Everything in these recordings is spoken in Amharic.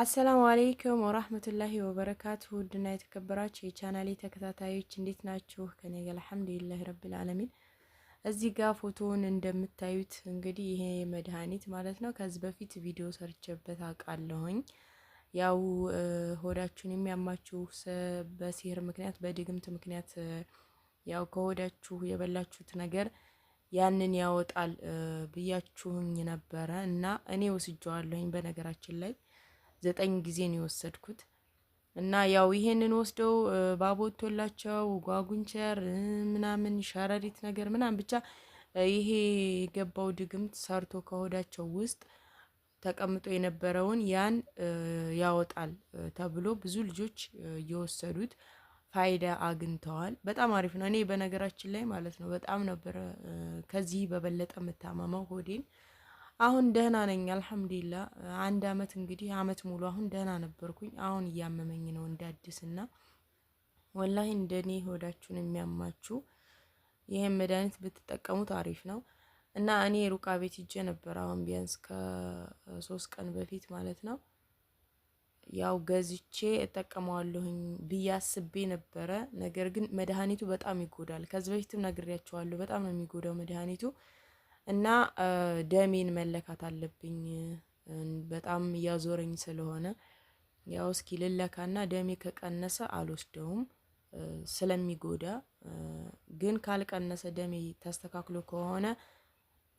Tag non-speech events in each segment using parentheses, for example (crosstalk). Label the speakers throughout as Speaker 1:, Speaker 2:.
Speaker 1: አሰላሙ አሌይኩም ወራህመቱላሂ ወበረካቱ ውድና የተከበራችሁ የቻናሌ ተከታታዮች እንዴት ናችሁ? ከኔ ጋር አልሐምዱሊላህ ረብል ዓለሚን። እዚህ ጋር ፎቶውን እንደምታዩት እንግዲህ ይሄ መድኃኒት ማለት ነው። ከዚህ በፊት ቪዲዮ ሰርቼበት አውቃለሁኝ። ያው ሆዳችሁን የሚያማችሁ በሲህር ምክንያት በድግምት ምክንያት ያው ከሆዳችሁ የበላችሁት ነገር ያንን ያወጣል ብያችሁኝ ነበረ እና እኔ ወስጀዋለሁኝ በነገራችን ላይ ዘጠኝ ጊዜ ነው የወሰድኩት እና ያው ይሄንን ወስደው ባቦቶላቸው ጓጉንቸር ምናምን ሸረሪት ነገር ምናምን ብቻ ይሄ የገባው ድግምት ሰርቶ ከሆዳቸው ውስጥ ተቀምጦ የነበረውን ያን ያወጣል ተብሎ ብዙ ልጆች እየወሰዱት ፋይዳ አግኝተዋል። በጣም አሪፍ ነው። እኔ በነገራችን ላይ ማለት ነው በጣም ነበረ ከዚህ በበለጠ የምታመመው ሆዴን አሁን ደህና ነኝ፣ አልሐምዱሊላ። አንድ አመት እንግዲህ አመት ሙሉ አሁን ደህና ነበርኩኝ። አሁን እያመመኝ ነው እንደ አዲስና ወላሂ እንደኔ ሆዳችሁን የሚያማችሁ ይህን መድኃኒት ብትጠቀሙት አሪፍ ነው እና እኔ ሩቃ ቤት ሂጄ ነበር። አሁን ቢያንስ ከሶስት ቀን በፊት ማለት ነው። ያው ገዝቼ እጠቀመዋለሁኝ ብዬ አስቤ ነበረ። ነገር ግን መድኃኒቱ በጣም ይጎዳል። ከዚህ በፊትም ነግሬያቸዋለሁ። በጣም ነው የሚጎዳው መድኃኒቱ። እና ደሜን መለካት አለብኝ በጣም እያዞረኝ ስለሆነ ያው እስኪ ልለካና ደሜ ከቀነሰ አልወስደውም ስለሚጎዳ፣ ግን ካልቀነሰ ደሜ ተስተካክሎ ከሆነ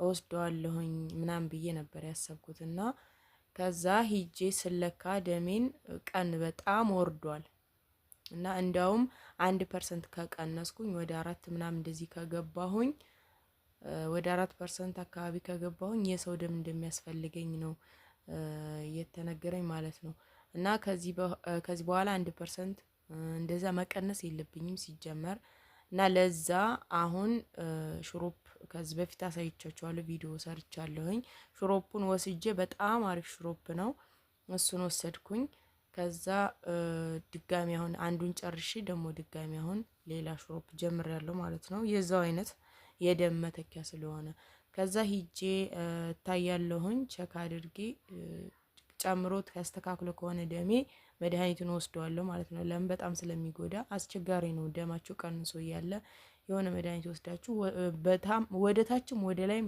Speaker 1: እወስደዋለሁኝ ምናምን ብዬ ነበር ያሰብኩት እና ከዛ ሂጄ ስለካ ደሜን ቀን በጣም ወርዷል እና እንዲያውም አንድ ፐርሰንት ከቀነስኩኝ ወደ አራት ምናምን እንደዚህ ከገባሁኝ ወደ አራት ፐርሰንት አካባቢ ከገባሁኝ የሰው ደም እንደሚያስፈልገኝ ነው የተነገረኝ ማለት ነው። እና ከዚህ በኋላ አንድ ፐርሰንት እንደዛ መቀነስ የለብኝም ሲጀመር እና ለዛ አሁን ሽሮፕ ከዚህ በፊት አሳይቻችኋለሁ፣ ቪዲዮ ሰርቻለሁኝ። ሽሮፑን ወስጄ በጣም አሪፍ ሽሮፕ ነው፣ እሱን ወሰድኩኝ። ከዛ ድጋሚ አሁን አንዱን ጨርሼ ደግሞ ድጋሚ አሁን ሌላ ጀምር ጀምሬያለሁ ማለት ነው የዛው አይነት የደም መተኪያ ስለሆነ ከዛ ሂጄ እታያለሁኝ ቸክ አድርጌ ጨምሮ ያስተካክሎ ከሆነ ደሜ መድኃኒቱን ወስደዋለሁ ማለት ነው። ለምን በጣም ስለሚጎዳ አስቸጋሪ ነው። ደማችሁ ቀንሶ እያለ የሆነ መድኃኒት ወስዳችሁ በጣም ወደ ታችም ወደ ላይም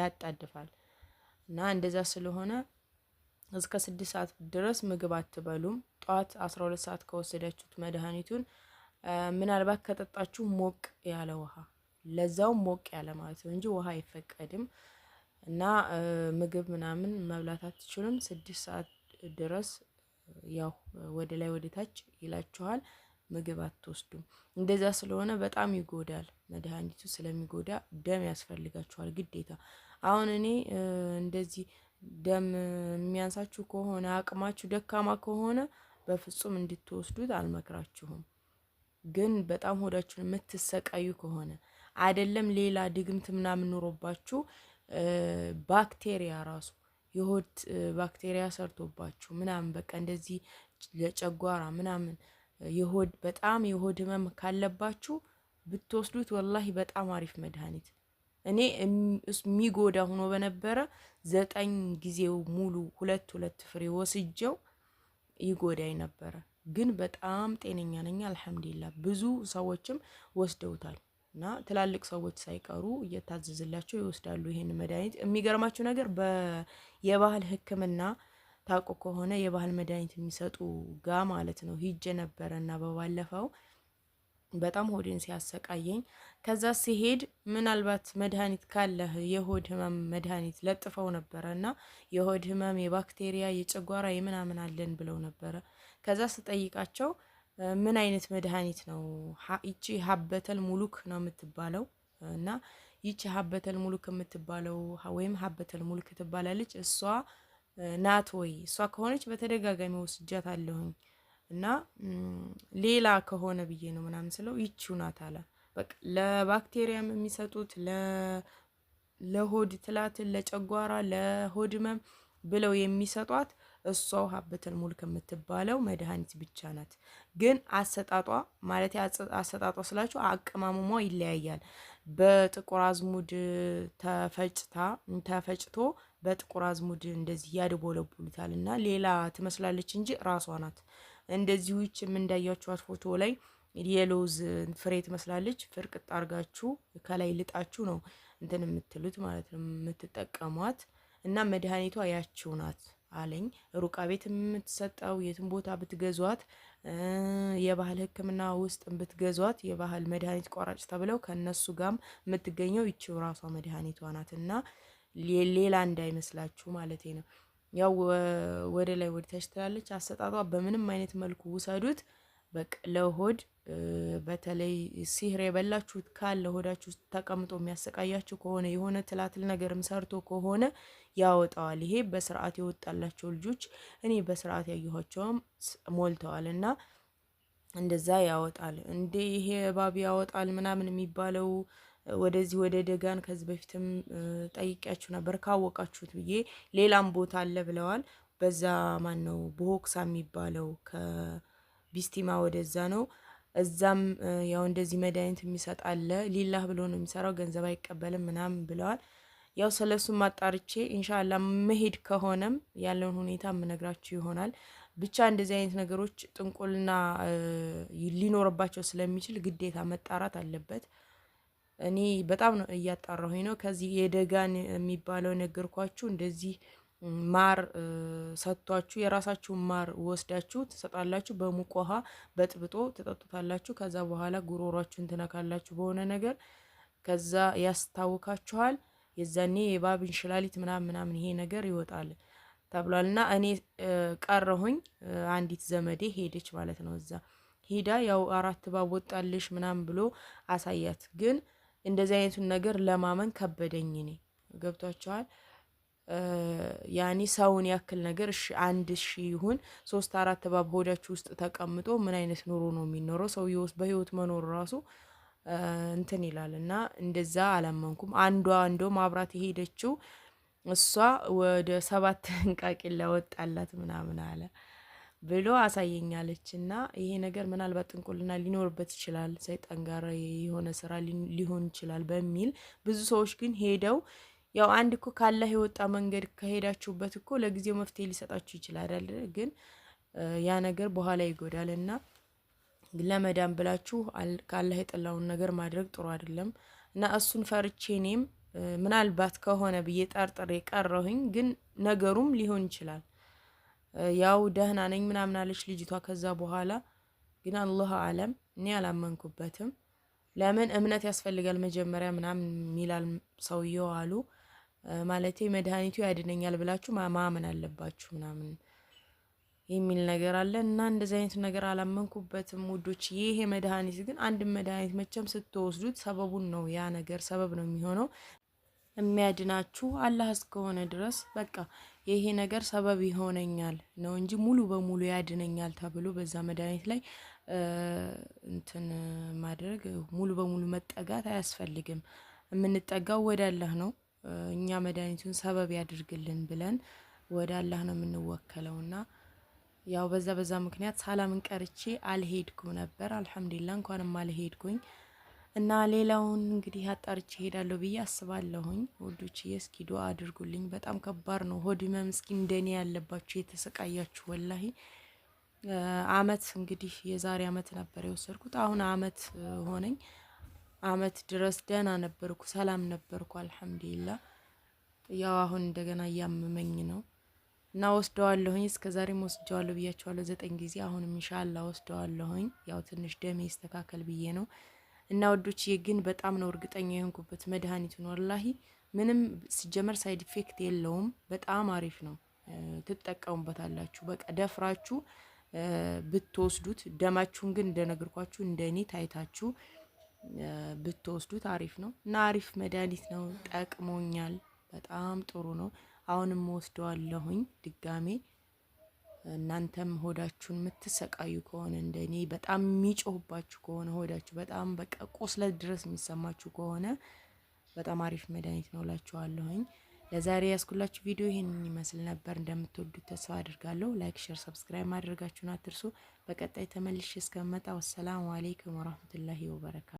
Speaker 1: ያጣድፋል እና እንደዛ ስለሆነ እስከ ስድስት ሰዓት ድረስ ምግብ አትበሉም። ጠዋት አስራ ሁለት ሰዓት ከወሰዳችሁት መድኃኒቱን ምናልባት ከጠጣችሁ ሞቅ ያለ ውሃ ለዛውም ሞቅ ያለ ማለት ነው እንጂ ውሃ አይፈቀድም። እና ምግብ ምናምን መብላት አትችሉም። ስድስት ሰዓት ድረስ ያው ወደ ላይ ወደ ታች ይላችኋል። ምግብ አትወስዱም። እንደዛ ስለሆነ በጣም ይጎዳል። መድኃኒቱ ስለሚጎዳ ደም ያስፈልጋችኋል ግዴታ። አሁን እኔ እንደዚህ ደም የሚያንሳችሁ ከሆነ አቅማችሁ ደካማ ከሆነ በፍጹም እንድትወስዱት አልመክራችሁም። ግን በጣም ሆዳችሁን የምትሰቃዩ ከሆነ አይደለም ሌላ ድግምት ምናምን ኑሮባችሁ ባክቴሪያ ራሱ የሆድ ባክቴሪያ ሰርቶባችሁ ምናምን በቃ እንደዚህ ለጨጓራ ምናምን የሆድ በጣም የሆድ ህመም ካለባችሁ ብትወስዱት ወላሂ በጣም አሪፍ መድኃኒት። እኔ የሚጎዳ ሆኖ በነበረ ዘጠኝ ጊዜው ሙሉ ሁለት ሁለት ፍሬ ወስጀው ይጎዳኝ ነበረ፣ ግን በጣም ጤነኛ ነኝ አልሐምዱሊላህ። ብዙ ሰዎችም ወስደውታል። እና ትላልቅ ሰዎች ሳይቀሩ እየታዘዝላቸው ይወስዳሉ ይሄን መድኃኒት። የሚገርማቸው ነገር የባህል ሕክምና ታውቁ ከሆነ የባህል መድኃኒት የሚሰጡ ጋ ማለት ነው ሂጄ ነበረ እና በባለፈው በጣም ሆድን ሲያሰቃየኝ ከዛ ሲሄድ ምናልባት መድኃኒት ካለህ የሆድ ህመም መድኃኒት ለጥፈው ነበረ እና የሆድ ህመም የባክቴሪያ የጨጓራ የምናምን አለን ብለው ነበረ። ከዛ ስጠይቃቸው ምን አይነት መድኃኒት ነው? ይቺ ሀበተል ሙሉክ ነው የምትባለው እና ይቺ ሀበተል ሙሉክ የምትባለው ወይም ሀበተል ሙሉክ ትባላለች። እሷ ናት ወይ? እሷ ከሆነች በተደጋጋሚ ወስጃት አለሁኝ እና ሌላ ከሆነ ብዬ ነው ምናምን ስለው ይቺው ናት አለ። በቃ ለባክቴሪያም የሚሰጡት ለሆድ ትላትን፣ ለጨጓራ፣ ለሆድ ህመም ብለው የሚሰጧት እሷው ሀበተል ሙልክ የምትባለው መድኃኒት ብቻ ናት። ግን አሰጣጧ ማለት አሰጣጧ ስላችሁ አቀማመሟ ይለያያል። በጥቁር አዝሙድ ተፈጭታ ተፈጭቶ በጥቁር አዝሙድ እንደዚህ ያድቦለቡሉታል እና ሌላ ትመስላለች እንጂ ራሷ ናት። እንደዚሁ ይች የምንዳያችኋት ፎቶ ላይ የሎዝ ፍሬ ትመስላለች። ፍርቅጥ አርጋችሁ ከላይ ልጣችሁ ነው እንትን የምትሉት ማለት ነው የምትጠቀሟት እና መድኃኒቷ ያችው ናት። አለኝ። ሩቃ ቤት የምትሰጠው የትም ቦታ ብትገዟት፣ የባህል ሕክምና ውስጥ ብትገዟት፣ የባህል መድኃኒት ቆራጭ ተብለው ከእነሱ ጋም የምትገኘው ይችው ራሷ መድኃኒቷ ናት እና ሌላ እንዳይመስላችሁ ማለት ነው። ያው ወደ ላይ ወደ ታች ትላለች። አሰጣጧ በምንም አይነት መልኩ ውሰዱት በቃ ለሆድ በተለይ ሲህር የበላችሁት ካለ ሆዳችሁ ተቀምጦ የሚያሰቃያችሁ ከሆነ የሆነ ትላትል ነገርም ሰርቶ ከሆነ ያወጣዋል። ይሄ በስርዓት የወጣላቸው ልጆች እኔ በስርዓት ያየኋቸውም ሞልተዋል እና እንደዛ ያወጣል። እንዴ ይሄ እባብ ያወጣል ምናምን የሚባለው ወደዚህ ወደ ደጋን ከዚህ በፊትም ጠይቂያችሁ ነበር ካወቃችሁት ብዬ ሌላም ቦታ አለ ብለዋል። በዛ ማን ነው ቦሆክሳ የሚባለው ከቢስቲማ ወደዛ ነው እዛም ያው እንደዚህ መድኃኒት የሚሰጥ አለ። ሊላህ ብሎ ነው የሚሰራው፣ ገንዘብ አይቀበልም ምናምን ብለዋል። ያው ስለ እሱም አጣርቼ ኢንሻላ መሄድ ከሆነም ያለውን ሁኔታ የምነግራችሁ ይሆናል። ብቻ እንደዚህ አይነት ነገሮች ጥንቁልና ሊኖርባቸው ስለሚችል ግዴታ መጣራት አለበት። እኔ በጣም ነው እያጣራሁኝ ነው። ከዚህ የደጋን የሚባለው ነገርኳችሁ እንደዚህ ማር ሰጥቷችሁ የራሳችሁን ማር ወስዳችሁ ትሰጣላችሁ። በሙቅ ውሃ በጥብጦ ትጠጡታላችሁ። ከዛ በኋላ ጉሮሯችሁን ትነካላችሁ በሆነ ነገር ከዛ ያስታውካችኋል። የዛኔ የባብ እንሽላሊት ምናምን ምናምን ይሄ ነገር ይወጣል ተብሏልና እኔ ቀረሁኝ። አንዲት ዘመዴ ሄደች ማለት ነው። እዛ ሄዳ ያው አራት ባብ ወጣልሽ ምናምን ብሎ አሳያት። ግን እንደዚህ አይነቱን ነገር ለማመን ከበደኝ። እኔ ገብቷችኋል። ያኔ ሰውን ያክል ነገር እሺ፣ አንድ ሺ ይሁን ሶስት አራት እባብ ሆዳችሁ ውስጥ ተቀምጦ ምን አይነት ኑሮ ነው የሚኖረው? ሰው በህይወት መኖር ራሱ እንትን ይላል እና እንደዛ አላመንኩም። አንዷ እንደውም ማብራት የሄደችው እሷ ወደ ሰባት (laughs) ንቃቂ ለወጣላት ምናምን አለ ብሎ አሳየኛለች። እና ይሄ ነገር ምናልባት ጥንቁልና ሊኖርበት ይችላል፣ ሰይጣን ጋር የሆነ ስራ ሊሆን ይችላል በሚል ብዙ ሰዎች ግን ሄደው ያው አንድ እኮ ካላህ የወጣ መንገድ ከሄዳችሁበት እኮ ለጊዜው መፍትሄ ሊሰጣችሁ ይችላል አይደል? ግን ያ ነገር በኋላ ይጎዳል እና ለመዳን ብላችሁ ካላህ የጠላውን ነገር ማድረግ ጥሩ አይደለም እና እሱን ፈርቼ እኔም ምናልባት ከሆነ ብዬ ጠርጥሬ ቀረሁኝ። ግን ነገሩም ሊሆን ይችላል ያው ደህና ነኝ ምናምን አለች ልጅቷ። ከዛ በኋላ ግን አላህ አለም እኔ አላመንኩበትም። ለምን እምነት ያስፈልጋል መጀመሪያ ምናምን ሚላል ሰውየው አሉ ማለቴ መድኃኒቱ ያድነኛል ብላችሁ ማመን አለባችሁ ምናምን የሚል ነገር አለ እና እንደዚህ አይነት ነገር አላመንኩበትም ውዶች። ይሄ መድኃኒት ግን አንድ መድኃኒት መቼም ስትወስዱት ሰበቡን ነው ያ ነገር ሰበብ ነው የሚሆነው የሚያድናችሁ አላህ እስከሆነ ድረስ በቃ ይሄ ነገር ሰበብ ይሆነኛል ነው እንጂ ሙሉ በሙሉ ያድነኛል ተብሎ በዛ መድኃኒት ላይ እንትን ማድረግ ሙሉ በሙሉ መጠጋት አያስፈልግም። የምንጠጋው ወደ አላህ ነው። እኛ መድኃኒቱን ሰበብ ያድርግልን ብለን ወደ አላህ ነው የምንወከለው ና ያው በዛ በዛ ምክንያት ሳላምን ቀርቼ አልሄድኩም ነበር። አልሐምዱሊላ እንኳንም አልሄድኩኝ እና ሌላውን እንግዲህ አጣርቼ ሄዳለሁ ብዬ አስባለሁኝ። ወዶች እስኪ ዱአ አድርጉልኝ። በጣም ከባድ ነው። ሆድ ህመም እስኪ እንደኔ ያለባችሁ የተሰቃያችሁ፣ ወላሂ አመት እንግዲህ የዛሬ አመት ነበር የወሰድኩት። አሁን አመት ሆነኝ። አመት ድረስ ደህና ነበርኩ፣ ሰላም ነበርኩ፣ አልሐምዱሊላ። ያው አሁን እንደገና እያመመኝ ነው እና ወስደዋለሁኝ። እስከ ዛሬም ወስደዋለሁ ብያቸዋለሁ ዘጠኝ ጊዜ። አሁንም ኢንሻላ ወስደዋለሁኝ። ያው ትንሽ ደሜ ይስተካከል ብዬ ነው እና ወዶችዬ፣ ግን በጣም ነው እርግጠኛ የሆንኩበት መድኃኒቱን። ወላሂ ምንም ሲጀመር ሳይድ ኢፌክት የለውም። በጣም አሪፍ ነው፣ ትጠቀሙበታላችሁ። በቃ ደፍራችሁ ብትወስዱት። ደማችሁን ግን እንደነገርኳችሁ እንደ እኔ ታይታችሁ ብትወስዱት አሪፍ ነው እና አሪፍ መድኃኒት ነው። ጠቅሞኛል። በጣም ጥሩ ነው። አሁንም ወስደዋለሁኝ ድጋሜ። እናንተም ሆዳችሁን የምትሰቃዩ ከሆነ እንደኔ በጣም የሚጮሁባችሁ ከሆነ ሆዳችሁ በጣም በቃ ቁስለት ድረስ የሚሰማችሁ ከሆነ በጣም አሪፍ መድኃኒት ነው እላችኋለሁኝ። ለዛሬ ያስኩላችሁ ቪዲዮ ይህንን ይመስል ነበር። እንደምትወዱት ተስፋ አድርጋለሁ። ላይክ፣ ሼር፣ ሰብስክራይብ ማድረጋችሁን አትርሱ። በቀጣይ ተመልሼ እስከመጣ ወሰላሙ አሌይኩም ወረህመቱላሂ ወበረካቱ።